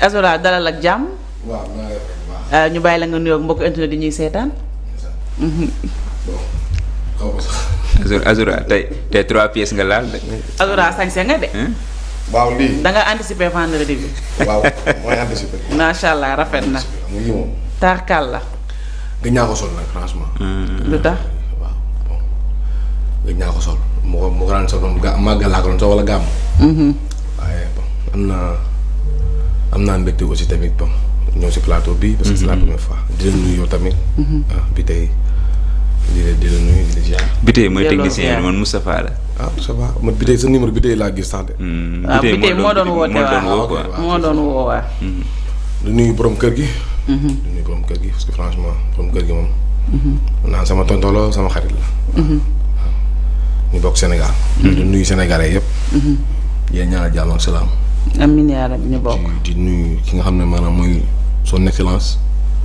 Azoura dalal ak jàmm. Euh, ñu bàyyi la nga nuyoog mbokk internet di ñuy seetaan. Azoura tey trois pièces nga laal de. sañse nga de. waaw anticiper vendredi bi. allah rafet na. taarkaal la. gëj naa ko sol mm-hmm. lu tax. waaw naa ko sol mu ko mu ko daan sol moom ga màggal laa ko doon sol wala gàmm. Mm-hmm. am naa mbégte aussi tamit bon ñëw si plateau bi. parce que c'est la mhm. première fois di la nuyu yow tamit. Mhm. Ah, bi tey bi tey mooy technicien bi man Moustapha ah, man bi tey sa numéro bi tey laa gis sax de. Hmm. Ah, bi tey moo doon woo waaw du hmm. nuyu borom kër gi. Mhm. du nuyu borom kër gi parce que franchement borom kër gi moom. naan sama tonton la sama xarit la. ñu bokk Sénégal. du nuyu sénégalais yëpp. yéen ñaanal jàmm ak salaam. amiin yaa rabbi ñu bokk di nuyu ki nga xam ne maanaam mooy son excellence.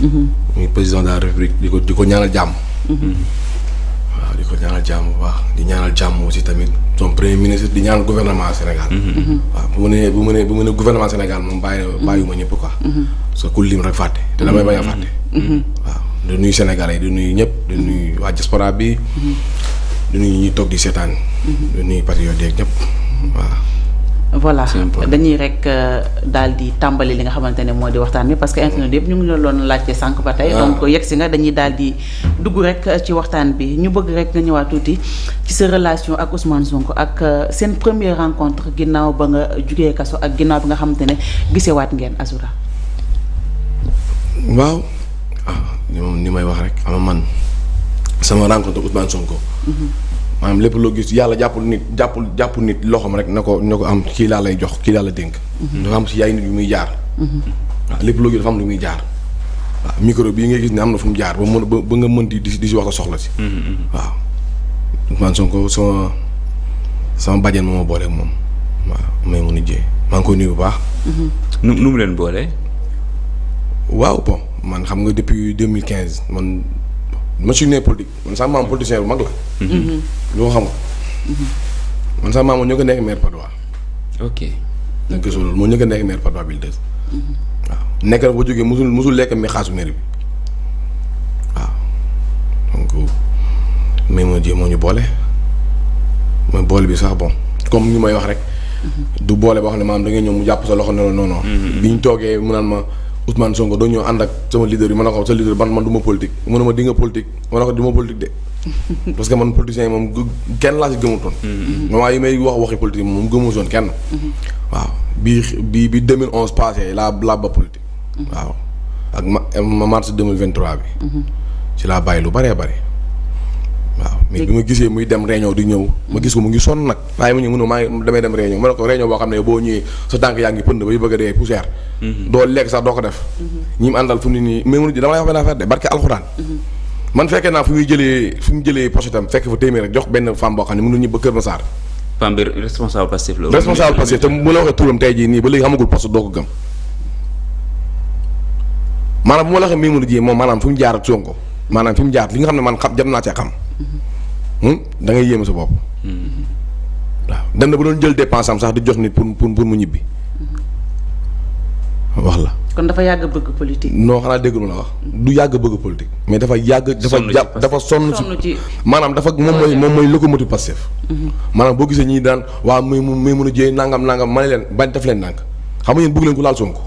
Mhm. muy président de la république di ko di ko ñaanal jàmm. Mhm. waaw di ko ñaanal jàmm bu baax di ñaanal jàmm aussi tamit son premier ministre di ñaanal gouvernement Sénégal. Mhm. waaw bu mu nee bu mu nee bu mu nee gouvernement Sénégal moom bàyyi bàyyiwuma ñëpp quoi. parce que ku lim rek fàtte te damay bañ a fàtte. waaw di nuyu Sénégalais di nuyu ñëpp di nuyu waa diaspora bi. di nuyu ñuy di seetaan. di nuyu patriotes yeeg ñëpp waaw. voilà dañuy rek euh, daal di tàmbali li nga xamante ne moo di waxtaan bi parce que internet yëpp ñu ngi la doon laajte sànq ba tey ah. donc yegg si nga dañuy daal di dugg rek euh, ci waxtaan bi ñu bëgg rek nga ñëwaat tuuti ci sa relation ak Ousmane Sonko ak euh, seen première rencontre ginnaaw ba nga jugee kaso ak ginnaaw bi nga xamante ne gisewaat ngeen Azoura waaw ah, ni may wax rek ama man sama rencontre Ousmane Sonko mm-hmm. maanaam lépp loo gis yàlla jàppul nit jàppul jàppul nit loxoom rek na ko na ko am kii laa lay jox kii laa la dénk. Mhm. dafa am si ay nit yu muy jaar. Mhm. waaw lépp loo gis dafa am lu muy jaar. waaw micro bii ngay gis ne am na fu mu jaar ba mën ba nga mën mhm, ma booleeg moom waaw may mën a jiyee maa ngi bu baax. nu mu leen boole. waaw bon man xam nga depuis deux mille quinze man. ma suñu nee politique man sama maam politicien bu mag la. Mhm. lu xamul. Mhm. man sama maam moo ñu ko nekk maire Padois. ok danga gis loolu moo ñu ko nekk maire bi mhm. waaw nekk na bu jógee musul lekk mi xaasu moo jéem ñu boole mooy boole bi sax bon comme ñu may wax rek. du boole boo xam ne maam da ngay ñëw mu jàpp sa loxo ne la non bi ñu toogee mu naan ma. Ousmane Sonko doo ñëw ànd ak sama leader yi ma ne ko sa leader man man du ma politique mu ne ma di nga politique ma ne ko du ma de. parce que man politiciens moom moom kenn laa si gëmutoon. Mm-hmm. moment yi may wax waxi politique moom gëmutoon kenn. Mm-hmm. waaw bii bii bi 2011 passé laa laa ba politique. Mm-hmm. waaw ak ma mars 2023 bi. ci laa bàyyi lu bëree bëri. waaw mais bi ma gisee muy dem réunion di ñëw ma gis ko mu ngi sonn nag waaye mu ñu mënu maa ngi damay dem réunion ma ne ko réunion boo xam ne boo ñëwee sa a dee poussière mhm. doo lekk sax doo ko mhm. mu mhm. man jëlee fu fekk fa jox benn femme boo xam ne mënul ñibba Kër Massar femme bi responsable passif la responsable passif te mu la waxee turam bu ma la waxee Maimouna Dieng moom maanaam fi jaar ak Sonko maanaam fi jaar li nga xam ne man xam jam naa cee xam Hmm? da ngay yéem sa bopp. Mm-hmm. waaw dem na bu doon jël dépense am sax di jox nit pour pour pour mu ñibbi. Mm-hmm. wax la. kon dafa yàgg bëgg politique. non xanaa dégg lu la wax. du yàgg bëgg politique. mais dafa yàgg dafa jàpp dafa sonn ci maanaam dafa moom mooy moom mooy locomotive Pastef. Mm-hmm. maanaam boo gisee ñi daan waaw muy muy mun a jëyee nangam nangam ma ne leen bañ def leen nànk xam nga yéen bëgg leen ku laal Sonko.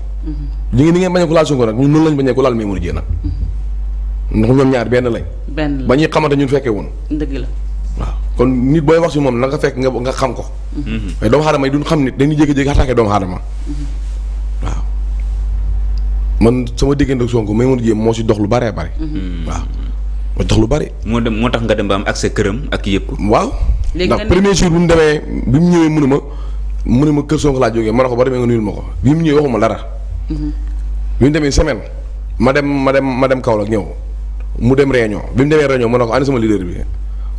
li ngeen ni ngeen bañee ku laal Sonko nag ñun noonu lañ bañee ku laal muy ndax ñoom ñaari benn lañ. ba ñuy xamante ñun fekkee woon. dëgg la. kon nit booy wax si moom la nga fekk nga nga xam ko. Mhm. mais doomu aadama yi duñ xam nit dañuy jékki-jékki attaqué doomu aadama mhm. waaw man sama diggante ak Sonko may mun jéem moo si dox lu bëree bëri. Mhm. waaw moo dox lu bëri. moo dem moo tax nga dem ba am këram ak yépp waaw ndax premier jour bu mu demee bi mu ñëwee mënu ma mënu ma kër Sonko laa jógee ma ne ko ba demee nga nuyul ma ko bi mu ñëwee waxuma dara. bi mu demee semaine ma dem ma dem ma dem Kaolack ñëw mu dem réunion bi mu demee réunion ko ànd sama leader bi.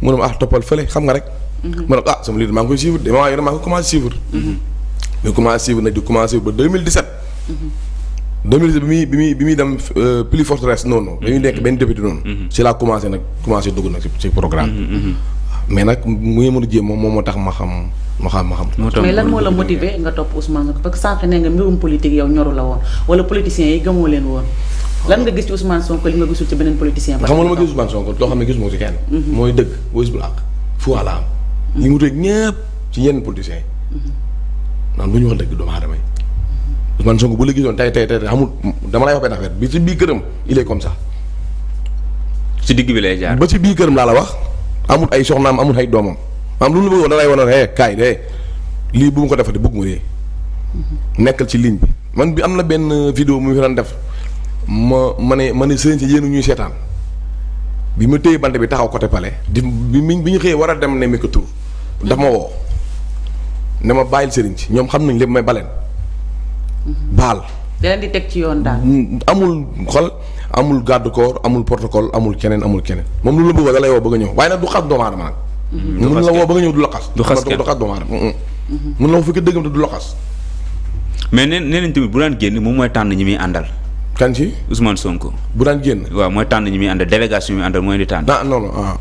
mu ne ma ah toppal fële xam nga rek. Mhm. ma ne ko ah sama livre maa ngi koy suivre de moment yii maa commencé suivre. Mhm. mais commencé suivre nag di commencé ba 2017. 2017 mhm. bi muy bi muy bi muy dem euh, plus forteresse noonu. dañuy nekk benn député noonu. ci laa commencé nag commencé dugg nag ci programme. Ah, mais nag mu ngi mën jéem moom moo tax ma xam. ma xam ma xam mais lan moo la motiver nga topp Ousmane parce que sànq nee nga mbirum politique yow ñoru la woon wala politiciens yi gëmoo leen woon. lan nga gis ci Ousmane Sonko li nga gisul ci beneen politicien. xam mhm. mooy dëgg boo gis bu la àq ci yenn politiciens yi. Mhm. naan ñu wax dëgg doomu aadama mhm. bu la tey tey amul dama lay wax benn affaire ci biir këram il est digg bi lay ba ci bii këram laa la wax amul ay soxnaam amul ay doomam maam lu mu la bëggoon da lay wane ne kaay de lii bu mu ko defati bëgg mu dee. nekkal ci ligne bi man bi am na benn video mu fi def. ma ma ne ma ne sëriñ si yéen ñuy seetaan bi ma téye bant bi taxaw côté palais di bi bi ñu xëyee war a dem ne mi ko tur daf ma woo ne ma bàyyil sëriñ si ñoom xam nañ lépp may baleen baal. da leen teg ci yoon daal. Mm, amul xol amul garde corps amul protocole amul keneen amul keneen moom lu la bëgg da lay woo bëgg a ñëw waaye nag du xas doomu aadama nag. Mm-hmm. du xas la woo bëgg a ñëw du la xas. du xas kenn du xas doomu mm-hmm. du la xas. mais nee nee nañ tamit bu daan génn moom mooy tànn ñi muy àndal. kan ci Ousmane Sonko. bu daan génn. waaw mooy tànn ñi muy àndal délégation yi muy àndal mooy di tànn. ah non non ah.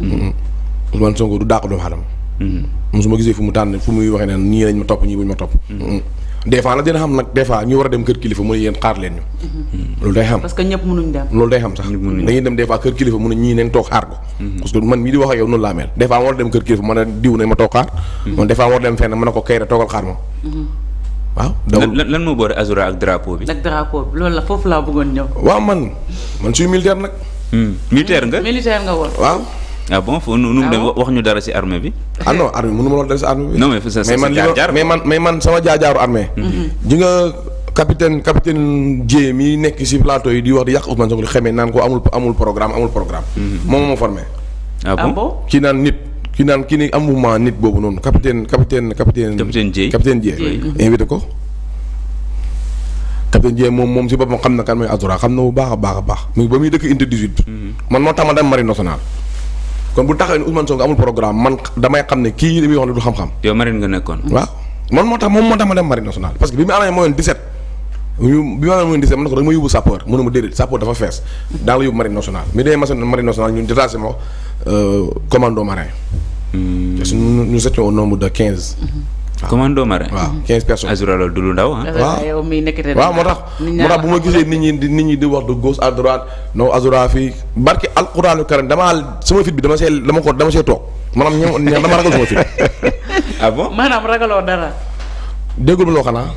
Mm-hmm. Mm-hmm. du dàq doomu aadama. Mm-hmm. mosuma gisee fu mu tànn fu muy waxee ne nii lañ ma topp ñii buñ ma topp. des nag dina ñu war a dem kër kilifa mu ne yéen xaar leen ñu. dem. sax dañuy dem kër kilifa mu ne ñii nañ toog xaar ko. parce man mii di wax yow noonu laa mel. des ma war a dem kër kilifa ma ne diw nañ ma toog xaar. man des fois ma war a dem fenn ma ne ko kay rek xaar ma waaw. lan lan moo boole Azura ak drapeau bi. ak drapeau bi loolu la foofu laa bëggoon ñëw. waaw man man suy militaire nag. Hmm, militaire nga. militaire nga woon waaw. Ah bon foofu nu mu ah wax ñu dara si armée bi. ah non armée mënu ma wax dara ci armée bi. non mais sa mais man mais man sama jaajaaru armée. Mhm. ji nga capitaine capitaine Dieng mi nekk ci plateau yi di wax di yàq Ousmane Sonko di xamee naan ko amul amul programme amul programme. Mhm. moom moo formé. ah bon ci ah naan nit. ki naan kii ni am nit boobu noonu capitaine capitaine capitaine. capitaine Dieng capitaine Dieng. Mm-hmm. ko. capitaine moom moom si boppam xam na kan mooy Azoura xam na bu baax a baax a baax mu ba muy dëkk unité mm-hmm. man moo tax ma dem marine nationale. kon bu taxawee ne Ousmane Sonko amul programme man damay xam ne kii li muy wax ne du xam-xam. man moo tax moom moo tax ma dem marine nationale parce que bi mu amee mooy 17. ñu bi ma leen mën di seet ma ne ko da ma yóbbu sapeur mu ma déedéet sapeur dafa fees daal la yóbbu marine nationale mi demee marine nationale ñun Hmm. parce que nous nous nombre de quinze. waaw ah. commando marin quinze personnes. Azura loolu du lu ndaw waaw moo tax. moo tax bu ma gisee nit ñi di nit ñi di wax de gauche à droite non Azura fii barke alquraanu karim damaa sama dama see ko dama see maanaam ah loo xanaa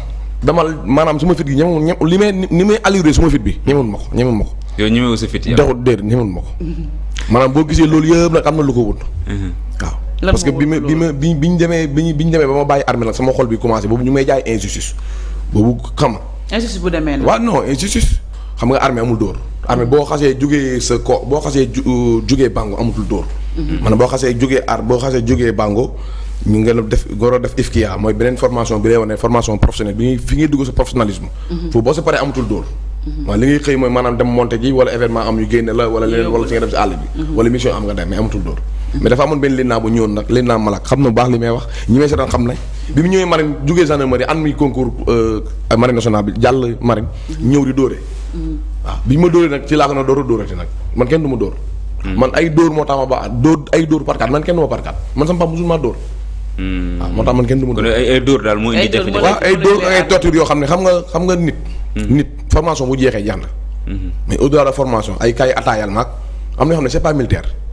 dama maanaam suma fit gi ñemewul ñem li may ni may alluré suma fit bi ñemewul ma ko ñemewul ma ko. ñemewu sa fit yow. taxul déedéet ma ko. maanaam boo gisee loolu yëpp nag am na lu ko wut. Uh-huh. parce que bi ma bi ma bi bi ñu demee bi bi ñu demee ba ma bàyyi armée la sama xol bi commencé boobu ñu may jaay injustice boobu xam. nga armée amul dóor armée boo xasee jugee sa ko boo xasee jugee euh, bango amatul dóor. Mhm. maanaam boo xasee jugee ar boo xasee jugee bango ñu nga def góor def IFKIA mooy beneen formation bi lay wane formation professionnelle bi fi ngay dugg sa professionnalisme. Mhm. foofu boo sa paree amatul dóor. Mhm. waaw li ngay xëy mooy maanaam dem monté ji événement am ñu génne la wala mais dafa amoon benn linnaa bu ñëwoon nag linnaa malak xam na bu baax li may wax ñi may seetaan xam nañ bi mu ñëwee marine jugee gendarmerie an muy concours euh, marine nationale bi jàll marine ñëw di dóore waaw bi ñu ma dóoree nag ci laa ko na dóora dóorati nag man kenn du ma dóor hmm. man ay dóor moo tax ma ba dóor ay dóor parkaat man kenn du ma parkaat man sama papa musul dóor hmm. waaw moo tax man kenn du ma dóor ay dóor moo indi jafe-jafe waaw ay dóor ak ay torture yoo xam ne xam nga xam nga nit hmm. nit formation bu jeexee jeex na mais au delà de formation ay kaay ataayal maag na yoo xam militaire